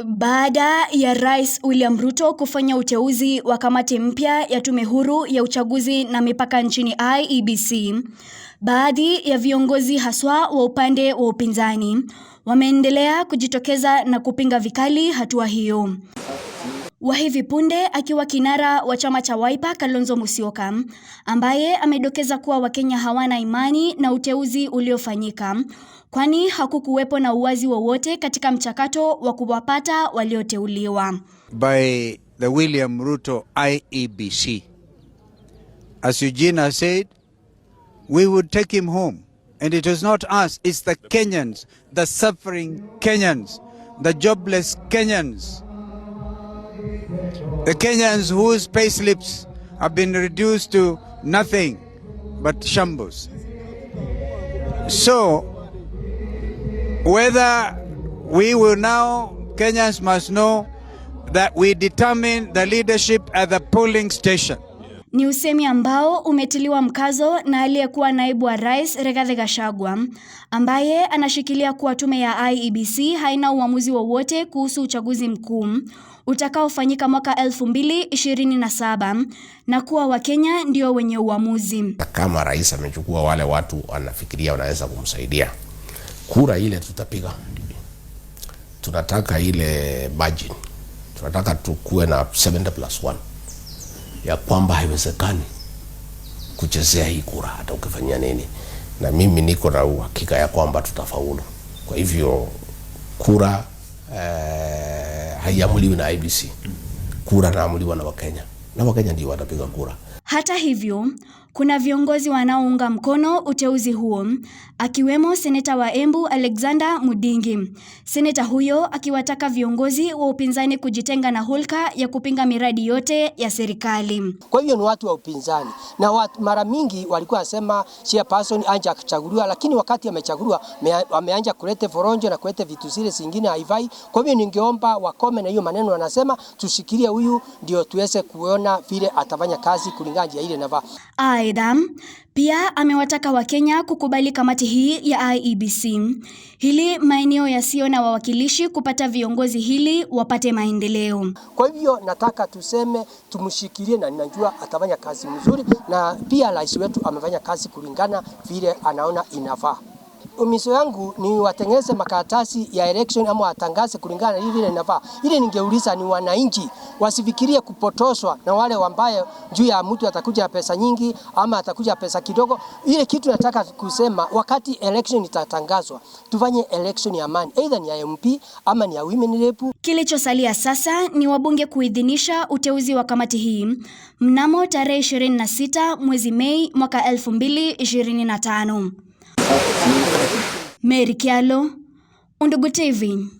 Baada ya Rais William Ruto kufanya uteuzi wa kamati mpya ya tume huru ya uchaguzi na mipaka nchini IEBC, baadhi ya viongozi haswa wa upande wa upinzani wameendelea kujitokeza na kupinga vikali hatua hiyo wa hivi punde akiwa kinara wa chama cha Wiper Kalonzo Musyoka ambaye amedokeza kuwa Wakenya hawana imani na uteuzi uliofanyika kwani hakukuwepo na uwazi wowote katika mchakato wa kuwapata walioteuliwa by the William Ruto IEBC. As Eugenia said, we would take him home and it is not us, it's the Kenyans, the suffering Kenyans, the jobless Kenyans The Kenyans whose pay slips have been reduced to nothing but shambles. So, whether we will now, Kenyans must know that we determine the leadership at the polling station. ni usemi ambao umetiliwa mkazo na aliyekuwa naibu wa rais Rigathi Gachagua ambaye anashikilia kuwa tume ya IEBC haina uamuzi wowote kuhusu uchaguzi mkuu utakaofanyika mwaka 2027 na kuwa Wakenya ndio wenye uamuzi. Kama rais amechukua wale watu anafikiria wanaweza kumsaidia, kura ile tutapiga. Tunataka ile margin, tunataka tukuwe na 70 plus 1 ya kwamba haiwezekani kuchezea hii kura hata ukifanyia nini, na mimi niko na uhakika ya kwamba tutafaulu. Kwa hivyo kura eh, haiamuliwi na IBC. Kura naamuliwa na Wakenya na Wakenya ndio watapiga kura. Hata hivyo kuna viongozi wanaounga mkono uteuzi huo, akiwemo seneta wa Embu Alexander Mudingi. Seneta huyo akiwataka viongozi wa upinzani kujitenga na hulka ya kupinga miradi yote ya serikali. Kwa hivyo ni watu wa upinzani na mara mingi walikuwa wasema chairperson anja kuchaguliwa, lakini wakati amechaguliwa wameanja kuleta foronjo na kuleta vitu zile zingine haivai. Kwa hivyo ningeomba wakome na hiyo maneno wanasema, tushikilie huyu ndio tuweze kuona vile atafanya kazi kulingana na ile nafaa. Aidha, pia amewataka Wakenya kukubali kamati hii ya IEBC hili maeneo yasiyo na wawakilishi kupata viongozi hili wapate maendeleo. Kwa hivyo nataka tuseme, tumshikilie na ninajua atafanya kazi mzuri, na pia rais wetu amefanya kazi kulingana vile anaona inafaa umiso yangu ni watengeze makaratasi ya election ama watangaze kulingana na ile inafaa. Ile ningeuliza ni wananchi wasifikirie kupotoshwa na wale wambaye juu ya mtu atakuja pesa nyingi ama atakuja pesa kidogo. Ile kitu nataka kusema wakati election itatangazwa, tufanye election ya amani, either ni ya MP ama ni ya women rep. Kilichosalia sasa ni wabunge kuidhinisha uteuzi wa kamati hii mnamo tarehe 26 mwezi Mei mwaka 2025. Mary Kialo, Undugu TV.